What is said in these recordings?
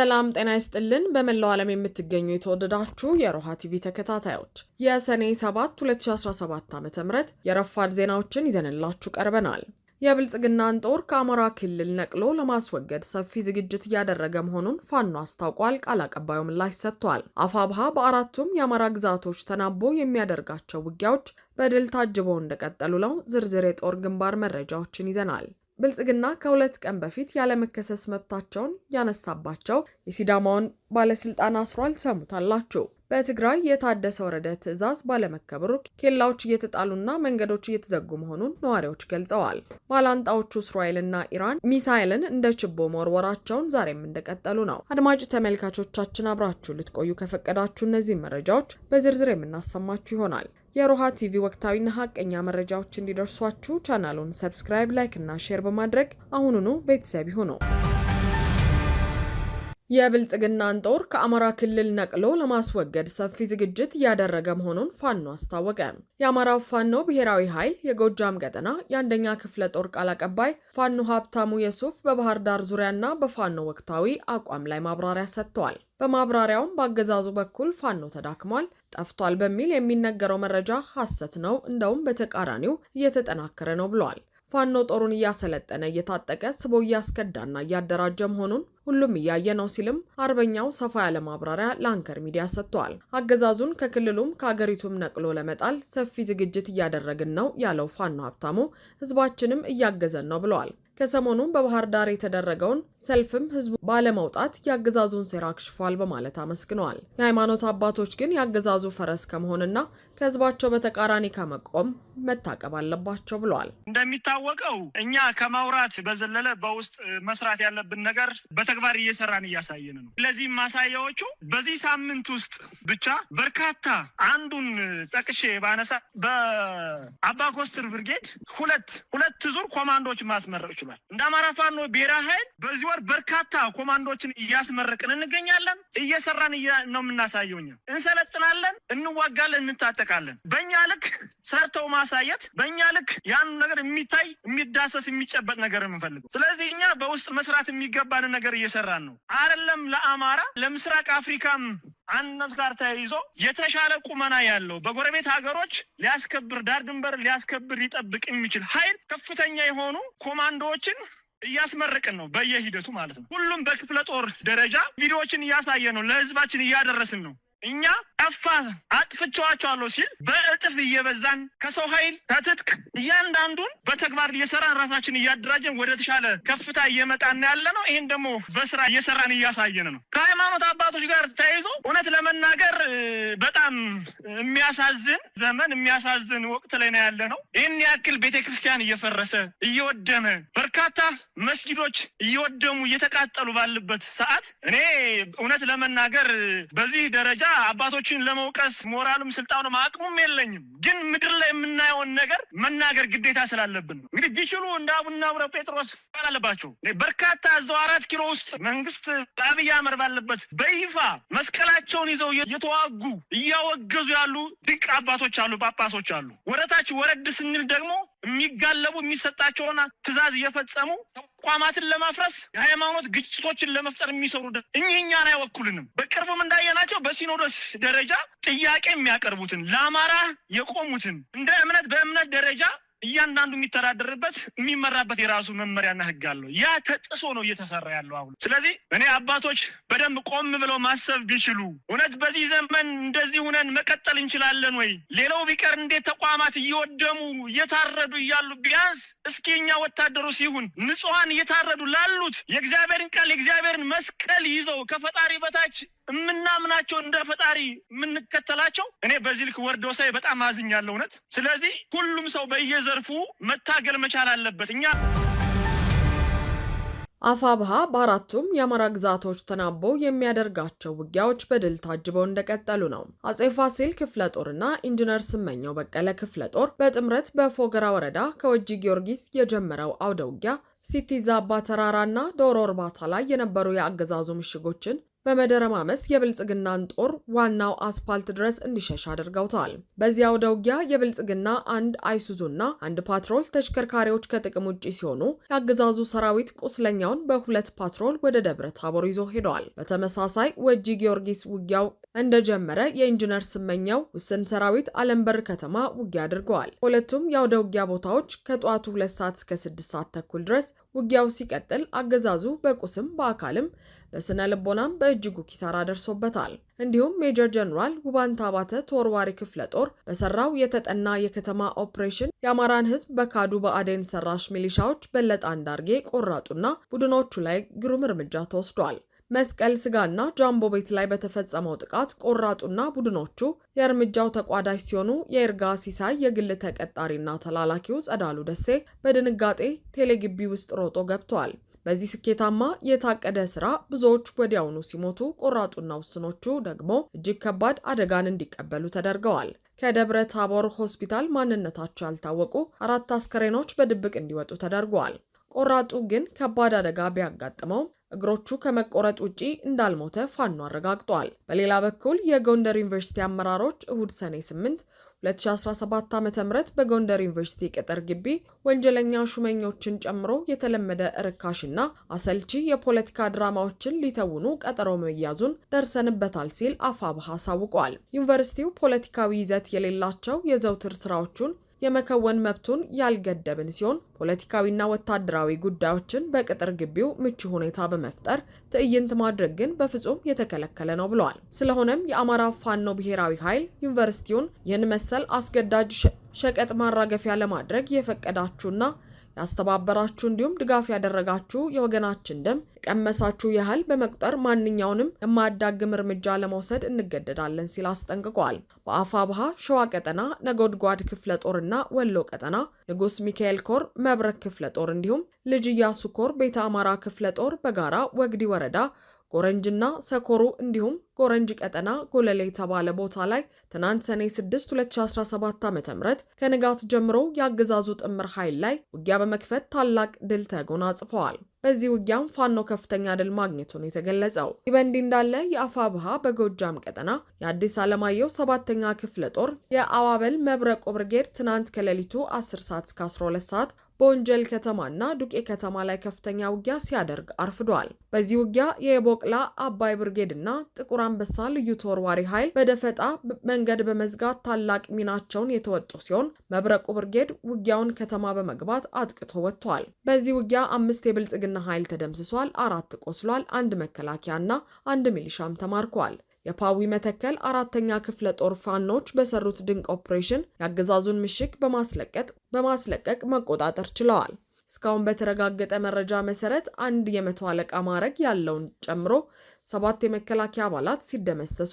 ሰላም ጤና ይስጥልን። በመላው ዓለም የምትገኙ የተወደዳችሁ የሮሃ ቲቪ ተከታታዮች የሰኔ 7 2017 ዓ ም የረፋድ ዜናዎችን ይዘንላችሁ ቀርበናል። የብልጽግናን ጦር ከአማራ ክልል ነቅሎ ለማስወገድ ሰፊ ዝግጅት እያደረገ መሆኑን ፋኖ አስታውቋል። ቃል አቀባዩ ምላሽ ሰጥቷል። አፋብሃ በአራቱም የአማራ ግዛቶች ተናቦ የሚያደርጋቸው ውጊያዎች በድል ታጅበው እንደቀጠሉ ነው። ዝርዝር የጦር ግንባር መረጃዎችን ይዘናል። ብልጽግና ከሁለት ቀን በፊት ያለመከሰስ መብታቸውን ያነሳባቸው የሲዳማውን ባለስልጣን አስሯል። ሰሙታላችሁ። በትግራይ የታደሰ ወረደ ትዕዛዝ ባለመከበሩ ኬላዎች እየተጣሉና መንገዶች እየተዘጉ መሆኑን ነዋሪዎች ገልጸዋል። ባላንጣዎቹ እስራኤልና ኢራን ሚሳይልን እንደ ችቦ መወርወራቸውን ዛሬም እንደቀጠሉ ነው። አድማጭ ተመልካቾቻችን አብራችሁ ልትቆዩ ከፈቀዳችሁ እነዚህን መረጃዎች በዝርዝር የምናሰማችሁ ይሆናል። የሮሃ ቲቪ ወቅታዊና ሀቀኛ መረጃዎች እንዲደርሷችሁ ቻናሉን ሰብስክራይብ፣ ላይክ እና ሼር በማድረግ አሁኑኑ ቤተሰብ ይሁኑ። የብልጽግናን ጦር ከአማራ ክልል ነቅሎ ለማስወገድ ሰፊ ዝግጅት እያደረገ መሆኑን ፋኖ አስታወቀ። የአማራ ፋኖ ብሔራዊ ኃይል የጎጃም ቀጠና የአንደኛ ክፍለ ጦር ቃል አቀባይ ፋኖ ሀብታሙ የሱፍ በባህር ዳር ዙሪያና በፋኖ ወቅታዊ አቋም ላይ ማብራሪያ ሰጥተዋል። በማብራሪያውም በአገዛዙ በኩል ፋኖ ተዳክሟል፣ ጠፍቷል በሚል የሚነገረው መረጃ ሐሰት ነው፣ እንደውም በተቃራኒው እየተጠናከረ ነው ብለዋል። ፋኖ ጦሩን እያሰለጠነ እየታጠቀ ስቦ እያስከዳና እያደራጀ መሆኑን ሁሉም እያየ ነው ሲልም አርበኛው ሰፋ ያለ ማብራሪያ ለአንከር ሚዲያ ሰጥቷል። አገዛዙን ከክልሉም ከአገሪቱም ነቅሎ ለመጣል ሰፊ ዝግጅት እያደረግን ነው ያለው ፋኖ ሀብታሙ ህዝባችንም እያገዘን ነው ብለዋል። ከሰሞኑ በባህር ዳር የተደረገውን ሰልፍም ህዝቡ ባለመውጣት የአገዛዙን ሴራ አክሽፏል በማለት አመስግነዋል። የሃይማኖት አባቶች ግን የአገዛዙ ፈረስ ከመሆንና ከህዝባቸው በተቃራኒ ከመቆም መታቀብ አለባቸው ብለዋል። እንደሚታወቀው እኛ ከማውራት በዘለለ በውስጥ መስራት ያለብን ነገር በተግባር እየሰራን እያሳየን ነው። ለዚህም ማሳያዎቹ በዚህ ሳምንት ውስጥ ብቻ በርካታ አንዱን ጠቅሼ ባነሳ በአባ ኮስትር ብርጌድ ሁለት ሁለት ዙር ኮማንዶች ማስመረቅ ችሏል። እንደ አማራ ፋኖ ብሔራዊ ኃይል በዚህ ወር በርካታ ኮማንዶችን እያስመረቅን እንገኛለን። እየሰራን ነው የምናሳየው። እንሰለጥናለን፣ እንዋጋለን፣ እንታጠቃለን። በእኛ ልክ ሰርተው ማሳየት፣ በእኛ ልክ ያን ነገር የሚታይ የሚዳሰስ የሚጨበጥ ነገር የምንፈልገው። ስለዚህ እኛ በውስጥ መስራት የሚገባን ነገር እየሰራን ነው። አይደለም ለአማራ ለምስራቅ አፍሪካም አንድነት ጋር ተያይዞ የተሻለ ቁመና ያለው በጎረቤት ሀገሮች ሊያስከብር ዳር ድንበር ሊያስከብር ሊጠብቅ የሚችል ኃይል ከፍተኛ የሆኑ ኮማንዶዎችን እያስመረቅን ነው በየሂደቱ ማለት ነው። ሁሉም በክፍለ ጦር ደረጃ ቪዲዮዎችን እያሳየ ነው፣ ለህዝባችን እያደረስን ነው። እኛ ጠፋ አጥፍቼዋቸዋለሁ ሲል በእጥፍ እየበዛን ከሰው ኃይል ከትጥቅ እያንዳንዱን በተግባር እየሰራን ራሳችን እያደራጀን ወደ ተሻለ ከፍታ እየመጣን ያለ ነው። ይህን ደግሞ በስራ እየሰራን እያሳየን ነው። ከሃይማኖት አባቶች ጋር ተያይዞ እውነት ለመናገር በጣም የሚያሳዝን ዘመን የሚያሳዝን ወቅት ላይ ነው ያለ ነው። ይህን ያክል ቤተክርስቲያን እየፈረሰ እየወደመ በርካታ መስጊዶች እየወደሙ እየተቃጠሉ ባለበት ሰዓት እኔ እውነት ለመናገር በዚህ ደረጃ አባቶችን ለመውቀስ ሞራሉም ስልጣኑም አቅሙም የለኝም። ግን ምድር ላይ የምናየውን ነገር መናገር ግዴታ ስላለብን ነው። እንግዲህ ቢችሉ እንደ አቡነ አብረ ጴጥሮስ አለባቸው በርካታ እዛው አራት ኪሎ ውስጥ መንግስት አብይ አህመድ ባለበት በይፋ መስቀላቸውን ይዘው እየተዋጉ እያወገዙ ያሉ ድንቅ አባቶች አሉ፣ ጳጳሶች አሉ። ወደታች ወረድ ስንል ደግሞ የሚጋለቡ የሚሰጣቸውን ትዛዝ እየፈጸሙ ተቋማትን ለማፍረስ የሃይማኖት ግጭቶችን ለመፍጠር የሚሰሩ እኚህ እኛን አይወኩልንም። በቅርቡም እንዳየናቸው በሲኖዶስ ደረጃ ጥያቄ የሚያቀርቡትን ለአማራ የቆሙትን እንደ እምነት በእምነት ደረጃ እያንዳንዱ የሚተዳደርበት የሚመራበት የራሱ መመሪያና ህግ አለው። ያ ተጥሶ ነው እየተሰራ ያለው አሁን። ስለዚህ እኔ አባቶች በደንብ ቆም ብለው ማሰብ ቢችሉ እውነት በዚህ ዘመን እንደዚህ ሁነን መቀጠል እንችላለን ወይ? ሌላው ቢቀር እንዴት ተቋማት እየወደሙ እየታረዱ እያሉ ቢያንስ እስኪ እኛ ወታደሩ ሲሆን ንጹሐን እየታረዱ ላሉት የእግዚአብሔርን ቃል የእግዚአብሔርን መስቀል ይዘው ከፈጣሪ በታች የምናምናቸው እንደ ፈጣሪ የምንከተላቸው እኔ በዚህ ልክ ወርደው ሳይ በጣም አዝኛለሁ እውነት። ስለዚህ ሁሉም ሰው በየዘርፉ መታገል መቻል አለበት። እኛ አፋብሃ በአራቱም የአማራ ግዛቶች ተናቦ የሚያደርጋቸው ውጊያዎች በድል ታጅበው እንደቀጠሉ ነው። አጼ ፋሲል ክፍለ ጦርና ኢንጂነር ስመኘው በቀለ ክፍለ ጦር በጥምረት በፎገራ ወረዳ ከወጂ ጊዮርጊስ የጀመረው አውደ ውጊያ ሲቲዛባ ተራራና ዶሮ እርባታ ላይ የነበሩ የአገዛዙ ምሽጎችን በመደረማመስ የብልጽግናን ጦር ዋናው አስፋልት ድረስ እንዲሸሽ አድርገውታል። በዚያው ደውጊያ የብልጽግና አንድ አይሱዙና አንድ ፓትሮል ተሽከርካሪዎች ከጥቅም ውጪ ሲሆኑ የአገዛዙ ሰራዊት ቁስለኛውን በሁለት ፓትሮል ወደ ደብረ ታቦር ይዞ ሄደዋል። በተመሳሳይ ወጂ ጊዮርጊስ ውጊያው እንደጀመረ የኢንጂነር ስመኛው ውስን ሰራዊት አለምበር ከተማ ውጊያ አድርገዋል። ሁለቱም የአውደ ውጊያ ቦታዎች ከጠዋቱ ሁለት ሰዓት እስከ ስድስት ሰዓት ተኩል ድረስ ውጊያው ሲቀጥል አገዛዙ በቁስም በአካልም በስነ ልቦናም በእጅጉ ኪሳራ ደርሶበታል። እንዲሁም ሜጀር ጀኔራል ጉባንታ ባተ ተወርዋሪ ክፍለ ጦር በሰራው የተጠና የከተማ ኦፕሬሽን የአማራን ሕዝብ በካዱ በአዴን ሰራሽ ሚሊሻዎች በለጠ አንዳርጌ ቆራጡና ቡድኖቹ ላይ ግሩም እርምጃ ተወስዷል። መስቀል ስጋና ጃምቦ ቤት ላይ በተፈጸመው ጥቃት ቆራጡና ቡድኖቹ የእርምጃው ተቋዳሽ ሲሆኑ የእርጋ ሲሳይ የግል ተቀጣሪና ተላላኪው ጸዳሉ ደሴ በድንጋጤ ቴሌግቢ ውስጥ ሮጦ ገብቷል። በዚህ ስኬታማ የታቀደ ስራ ብዙዎች ወዲያውኑ ሲሞቱ፣ ቆራጡና ውስኖቹ ደግሞ እጅግ ከባድ አደጋን እንዲቀበሉ ተደርገዋል። ከደብረ ታቦር ሆስፒታል ማንነታቸው ያልታወቁ አራት አስከሬኖች በድብቅ እንዲወጡ ተደርገዋል። ቆራጡ ግን ከባድ አደጋ ቢያጋጥመውም እግሮቹ ከመቆረጥ ውጪ እንዳልሞተ ፋኖ አረጋግጧል። በሌላ በኩል የጎንደር ዩኒቨርሲቲ አመራሮች እሁድ ሰኔ 8 2017 ዓ ም በጎንደር ዩኒቨርሲቲ ቅጥር ግቢ ወንጀለኛ ሹመኞችን ጨምሮ የተለመደ ርካሽና አሰልቺ የፖለቲካ ድራማዎችን ሊተውኑ ቀጠሮ መያዙን ደርሰንበታል ሲል አፋብሃ አሳውቀዋል። ዩኒቨርሲቲው ፖለቲካዊ ይዘት የሌላቸው የዘውትር ስራዎቹን የመከወን መብቱን ያልገደብን ሲሆን ፖለቲካዊና ወታደራዊ ጉዳዮችን በቅጥር ግቢው ምቹ ሁኔታ በመፍጠር ትዕይንት ማድረግ ግን በፍጹም የተከለከለ ነው ብለዋል። ስለሆነም የአማራ ፋኖ ብሔራዊ ኃይል ዩኒቨርሲቲውን ይህን መሰል አስገዳጅ ሸቀጥ ማራገፊያ ለማድረግ የፈቀዳችሁና ያስተባበራችሁ እንዲሁም ድጋፍ ያደረጋችሁ የወገናችን ደም የቀመሳችሁ ያህል በመቁጠር ማንኛውንም የማያዳግም እርምጃ ለመውሰድ እንገደዳለን ሲል አስጠንቅቋል። በአፋ ባሃ ሸዋ ቀጠና ነጎድጓድ ክፍለ ጦርና ወሎ ቀጠና ንጉስ ሚካኤል ኮር መብረክ ክፍለ ጦር እንዲሁም ልጅ እያሱ ኮር ቤተ አማራ ክፍለ ጦር በጋራ ወግዲ ወረዳ ጎረንጅና ሰኮሩ እንዲሁም ጎረንጅ ቀጠና ጎለሌ የተባለ ቦታ ላይ ትናንት ሰኔ 6 2017 ዓ ም ከንጋት ጀምሮ የአገዛዙ ጥምር ኃይል ላይ ውጊያ በመክፈት ታላቅ ድል ተጎናጽፈዋል። በዚህ ውጊያም ፋኖ ከፍተኛ ድል ማግኘቱን የተገለጸው ይህ እንዳለ የአፋ ብሃ በጎጃም ቀጠና የአዲስ ዓለማየሁ ሰባተኛ ክፍለ ጦር የአዋበል መብረቆ ብርጌድ ትናንት ከሌሊቱ 10 ሰዓት እስከ 12 ሰዓት በወንጀል ከተማና ዱቄ ከተማ ላይ ከፍተኛ ውጊያ ሲያደርግ አርፍዷል። በዚህ ውጊያ የቦቅላ አባይ ብርጌድ እና ጥቁር ጥቁር አንበሳ ልዩ ተወርዋሪ ኃይል በደፈጣ መንገድ በመዝጋት ታላቅ ሚናቸውን የተወጡ ሲሆን መብረቁ ብርጌድ ውጊያውን ከተማ በመግባት አጥቅቶ ወጥቷል። በዚህ ውጊያ አምስት የብልጽግና ኃይል ተደምስሷል፣ አራት ቆስሏል፣ አንድ መከላከያና አንድ ሚሊሻም ተማርኳል። የፓዊ መተከል አራተኛ ክፍለ ጦር ፋኖች በሰሩት ድንቅ ኦፕሬሽን የአገዛዙን ምሽግ በማስለቀጥ በማስለቀቅ መቆጣጠር ችለዋል። እስካሁን በተረጋገጠ መረጃ መሰረት አንድ የመቶ አለቃ ማዕረግ ያለውን ጨምሮ ሰባት የመከላከያ አባላት ሲደመሰሱ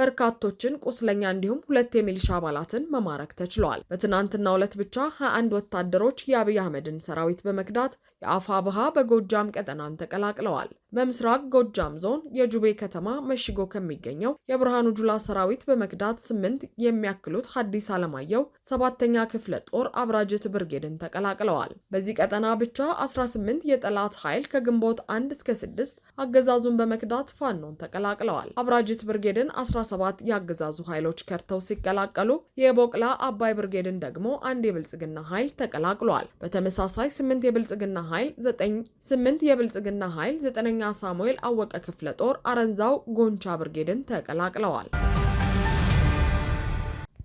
በርካቶችን ቁስለኛ እንዲሁም ሁለት የሚሊሻ አባላትን መማረክ ተችሏል። በትናንትናው ዕለት ብቻ 21 ወታደሮች የአብይ አህመድን ሰራዊት በመክዳት የአፋ ብሃ በጎጃም ቀጠናን ተቀላቅለዋል። በምስራቅ ጎጃም ዞን የጁቤ ከተማ መሽጎ ከሚገኘው የብርሃኑ ጁላ ሰራዊት በመክዳት ስምንት የሚያክሉት ሐዲስ ዓለማየሁ ሰባተኛ ክፍለ ጦር አብራጅት ብርጌድን ተቀላቅለዋል። በዚህ ቀጠና ብቻ 18 የጠላት ኃይል ከግንቦት 1 እስከ 6 አገዛዙን በመክዳት ፋኖን ተቀላቅለዋል። አብራጅት ብርጌድን 1 ሰባት የአገዛዙ ኃይሎች ከርተው ሲቀላቀሉ የቦቅላ አባይ ብርጌድን ደግሞ አንድ የብልጽግና ኃይል ተቀላቅሏል። በተመሳሳይ 8 የብልጽግና ኃይል ዘጠኝ ስምንት የብልጽግና ኃይል 9ኛ ሳሙኤል አወቀ ክፍለ ጦር አረንዛው ጎንቻ ብርጌድን ተቀላቅለዋል።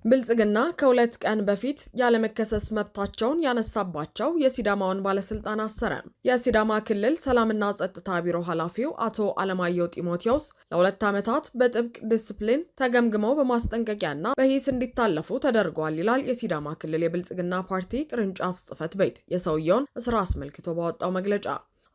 ብልጽግና ከሁለት ቀን በፊት ያለመከሰስ መብታቸውን ያነሳባቸው የሲዳማውን ባለስልጣን አሰረ። የሲዳማ ክልል ሰላምና ጸጥታ ቢሮ ኃላፊው አቶ አለማየሁ ጢሞቴዎስ ለሁለት ዓመታት በጥብቅ ዲስፕሊን ተገምግመው በማስጠንቀቂያና በሂስ እንዲታለፉ ተደርጓል ይላል የሲዳማ ክልል የብልጽግና ፓርቲ ቅርንጫፍ ጽህፈት ቤት የሰውየውን እስራ አስመልክቶ ባወጣው መግለጫ።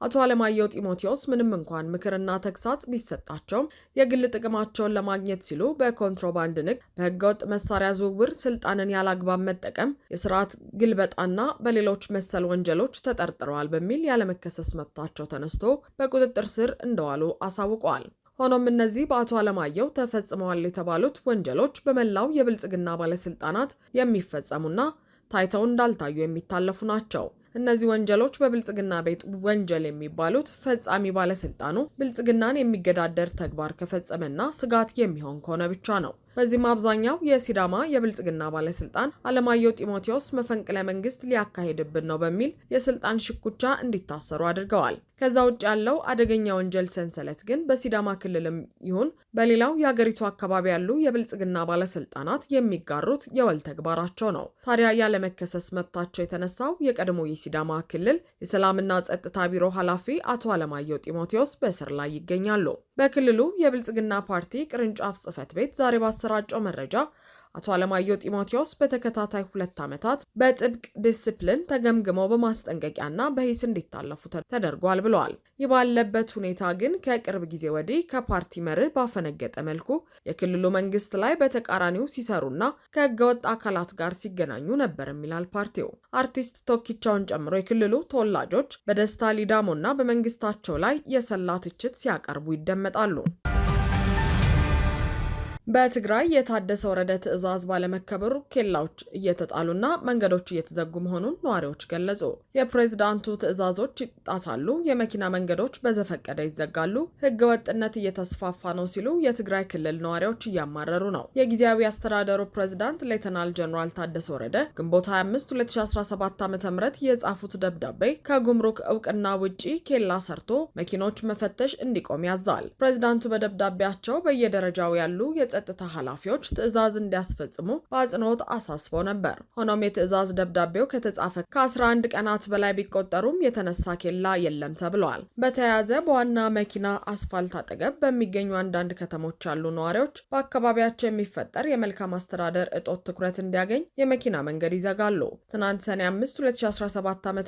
አቶ አለማየሁ ጢሞቴዎስ ምንም እንኳን ምክርና ተግሳጽ ቢሰጣቸውም የግል ጥቅማቸውን ለማግኘት ሲሉ በኮንትሮባንድ ንግድ፣ በህገወጥ መሳሪያ ዝውውር፣ ስልጣንን ያላግባብ መጠቀም፣ የስርዓት ግልበጣና በሌሎች መሰል ወንጀሎች ተጠርጥረዋል በሚል ያለመከሰስ መብታቸው ተነስቶ በቁጥጥር ስር እንደዋሉ አሳውቀዋል። ሆኖም እነዚህ በአቶ አለማየሁ ተፈጽመዋል የተባሉት ወንጀሎች በመላው የብልጽግና ባለስልጣናት የሚፈጸሙና ታይተው እንዳልታዩ የሚታለፉ ናቸው። እነዚህ ወንጀሎች በብልጽግና ቤት ወንጀል የሚባሉት ፈጻሚ ባለስልጣኑ ብልጽግናን የሚገዳደር ተግባር ከፈጸመና ስጋት የሚሆን ከሆነ ብቻ ነው። በዚህም አብዛኛው የሲዳማ የብልጽግና ባለስልጣን አለማየሁ ጢሞቴዎስ መፈንቅለ መንግስት ሊያካሄድብን ነው በሚል የስልጣን ሽኩቻ እንዲታሰሩ አድርገዋል። ከዛ ውጭ ያለው አደገኛ ወንጀል ሰንሰለት ግን በሲዳማ ክልልም ይሁን በሌላው የአገሪቱ አካባቢ ያሉ የብልጽግና ባለስልጣናት የሚጋሩት የወል ተግባራቸው ነው። ታዲያ ያለመከሰስ መብታቸው የተነሳው የቀድሞ የሲዳማ ክልል የሰላምና ጸጥታ ቢሮ ኃላፊ አቶ አለማየሁ ጢሞቴዎስ በእስር ላይ ይገኛሉ። በክልሉ የብልጽግና ፓርቲ ቅርንጫፍ ጽህፈት ቤት ዛሬ ባሰራጨው መረጃ አቶ አለማየሁ ጢሞቴዎስ በተከታታይ ሁለት ዓመታት በጥብቅ ዲስፕሊን ተገምግመው በማስጠንቀቂያና በሂስ እንዲታለፉ ተደርጓል ብለዋል። ይህ ባለበት ሁኔታ ግን ከቅርብ ጊዜ ወዲህ ከፓርቲ መርህ ባፈነገጠ መልኩ የክልሉ መንግስት ላይ በተቃራኒው ሲሰሩና ከህገወጥ አካላት ጋር ሲገናኙ ነበርም ይላል ፓርቲው። አርቲስት ቶኪቻውን ጨምሮ የክልሉ ተወላጆች በደስታ ሊዳሞና በመንግስታቸው ላይ የሰላ ትችት ሲያቀርቡ ይደመጣሉ። በትግራይ የታደሰ ወረደ ትዕዛዝ ባለመከበሩ ኬላዎች እየተጣሉና መንገዶች እየተዘጉ መሆኑን ነዋሪዎች ገለጹ። የፕሬዝዳንቱ ትዕዛዞች ይጣሳሉ፣ የመኪና መንገዶች በዘፈቀደ ይዘጋሉ፣ ህገ ወጥነት እየተስፋፋ ነው ሲሉ የትግራይ ክልል ነዋሪዎች እያማረሩ ነው። የጊዜያዊ አስተዳደሩ ፕሬዝዳንት ሌተናል ጀኔራል ታደሰ ወረደ ግንቦት 25 2017 ዓ ም የጻፉት ደብዳቤ ከጉምሩክ እውቅና ውጪ ኬላ ሰርቶ መኪኖች መፈተሽ እንዲቆም ያዛል። ፕሬዝዳንቱ በደብዳቤያቸው በየደረጃው ያሉ የጸጥታ ኃላፊዎች ትዕዛዝ እንዲያስፈጽሙ በአጽንኦት አሳስበው ነበር። ሆኖም የትዕዛዝ ደብዳቤው ከተጻፈ ከ11 ቀናት በላይ ቢቆጠሩም የተነሳ ኬላ የለም ተብለዋል። በተያያዘ በዋና መኪና አስፋልት አጠገብ በሚገኙ አንዳንድ ከተሞች ያሉ ነዋሪዎች በአካባቢያቸው የሚፈጠር የመልካም አስተዳደር እጦት ትኩረት እንዲያገኝ የመኪና መንገድ ይዘጋሉ። ትናንት ሰኔ 5 2017 ዓ ም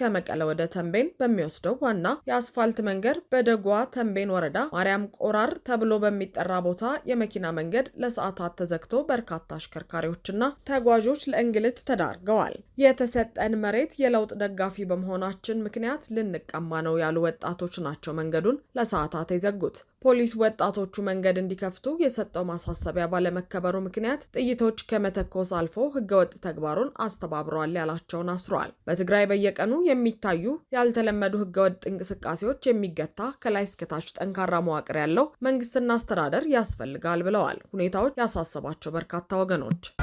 ከመቀለ ወደ ተንቤን በሚወስደው ዋና የአስፋልት መንገድ በደጓ ተንቤን ወረዳ ማርያም ቆራር ተብሎ በሚጠራ ቦታ የመኪና መንገድ ለሰዓታት ተዘግቶ በርካታ አሽከርካሪዎችና ተጓዦች ለእንግልት ተዳርገዋል። የተሰጠን መሬት የለውጥ ደጋፊ በመሆናችን ምክንያት ልንቀማ ነው ያሉ ወጣቶች ናቸው መንገዱን ለሰዓታት የዘጉት። ፖሊስ ወጣቶቹ መንገድ እንዲከፍቱ የሰጠው ማሳሰቢያ ባለመከበሩ ምክንያት ጥይቶች ከመተኮስ አልፎ ህገወጥ ተግባሩን አስተባብረዋል ያላቸውን አስሯል። በትግራይ በየቀኑ የሚታዩ ያልተለመዱ ህገወጥ እንቅስቃሴዎች የሚገታ ከላይ እስከታች ጠንካራ መዋቅር ያለው መንግስትና አስተዳደር ያስፈልጋል ብለዋል። ሁኔታዎች ያሳሰባቸው በርካታ ወገኖች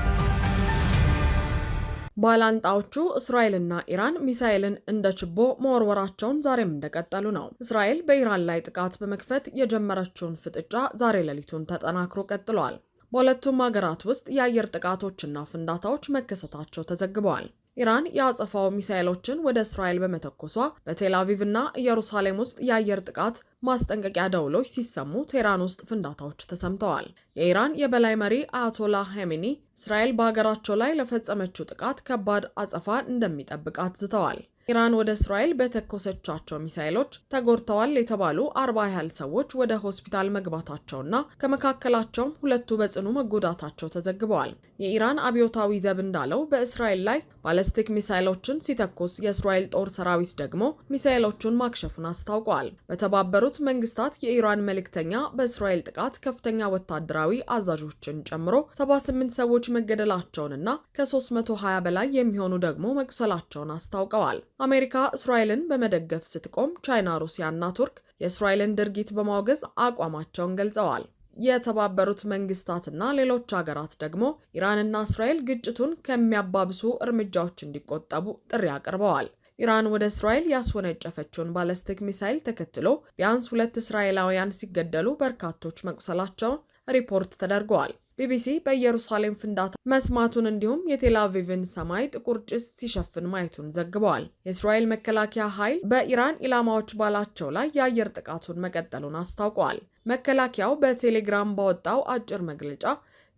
ባላንጣዎቹ እስራኤልና ኢራን ሚሳኤልን እንደ ችቦ መወርወራቸውን ዛሬም እንደቀጠሉ ነው። እስራኤል በኢራን ላይ ጥቃት በመክፈት የጀመረችውን ፍጥጫ ዛሬ ሌሊቱን ተጠናክሮ ቀጥሏል። በሁለቱም ሀገራት ውስጥ የአየር ጥቃቶችና ፍንዳታዎች መከሰታቸው ተዘግበዋል። ኢራን የአጸፋው ሚሳኤሎችን ወደ እስራኤል በመተኮሷ በቴልአቪቭ እና ኢየሩሳሌም ውስጥ የአየር ጥቃት ማስጠንቀቂያ ደውሎች ሲሰሙ ቴህራን ውስጥ ፍንዳታዎች ተሰምተዋል። የኢራን የበላይ መሪ አያቶላ ሄሚኒ እስራኤል በሀገራቸው ላይ ለፈጸመችው ጥቃት ከባድ አጸፋ እንደሚጠብቃት ዝተዋል። ኢራን ወደ እስራኤል በተኮሰቻቸው ሚሳኤሎች ተጎድተዋል የተባሉ አርባ ያህል ሰዎች ወደ ሆስፒታል መግባታቸውና ከመካከላቸውም ሁለቱ በጽኑ መጎዳታቸው ተዘግበዋል። የኢራን አብዮታዊ ዘብ እንዳለው በእስራኤል ላይ ባለስቲክ ሚሳይሎችን ሲተኩስ የእስራኤል ጦር ሰራዊት ደግሞ ሚሳይሎቹን ማክሸፉን አስታውቋል። በተባበሩት መንግስታት የኢራን መልእክተኛ በእስራኤል ጥቃት ከፍተኛ ወታደራዊ አዛዦችን ጨምሮ 78 ሰዎች መገደላቸውንና ከ320 በላይ የሚሆኑ ደግሞ መቁሰላቸውን አስታውቀዋል። አሜሪካ እስራኤልን በመደገፍ ስትቆም ቻይና፣ ሩሲያና ቱርክ የእስራኤልን ድርጊት በማውገዝ አቋማቸውን ገልጸዋል። የተባበሩት መንግስታትና ሌሎች ሀገራት ደግሞ ኢራንና እስራኤል ግጭቱን ከሚያባብሱ እርምጃዎች እንዲቆጠቡ ጥሪ አቅርበዋል። ኢራን ወደ እስራኤል ያስወነጨፈችውን ባለስቲክ ሚሳይል ተከትሎ ቢያንስ ሁለት እስራኤላውያን ሲገደሉ በርካቶች መቁሰላቸውን ሪፖርት ተደርገዋል። ቢቢሲ በኢየሩሳሌም ፍንዳታ መስማቱን እንዲሁም የቴልአቪቭን ሰማይ ጥቁር ጭስ ሲሸፍን ማየቱን ዘግበዋል። የእስራኤል መከላከያ ኃይል በኢራን ኢላማዎች ባላቸው ላይ የአየር ጥቃቱን መቀጠሉን አስታውቀዋል። መከላከያው በቴሌግራም ባወጣው አጭር መግለጫ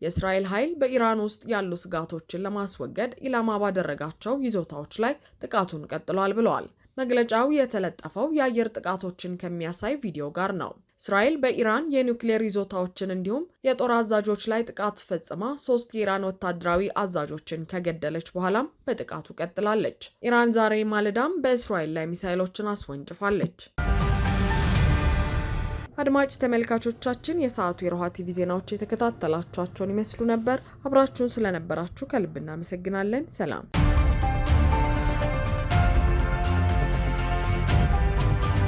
የእስራኤል ኃይል በኢራን ውስጥ ያሉ ስጋቶችን ለማስወገድ ኢላማ ባደረጋቸው ይዞታዎች ላይ ጥቃቱን ቀጥሏል ብለዋል። መግለጫው የተለጠፈው የአየር ጥቃቶችን ከሚያሳይ ቪዲዮ ጋር ነው። እስራኤል በኢራን የኒውክሌር ይዞታዎችን እንዲሁም የጦር አዛዦች ላይ ጥቃት ፈጽማ ሶስት የኢራን ወታደራዊ አዛዦችን ከገደለች በኋላም በጥቃቱ ቀጥላለች። ኢራን ዛሬ ማለዳም በእስራኤል ላይ ሚሳይሎችን አስወንጭፋለች። አድማጭ ተመልካቾቻችን የሰዓቱ የሮሃ ቲቪ ዜናዎች የተከታተላችኋቸውን ይመስሉ ነበር። አብራችሁን ስለነበራችሁ ከልብ እናመሰግናለን። ሰላም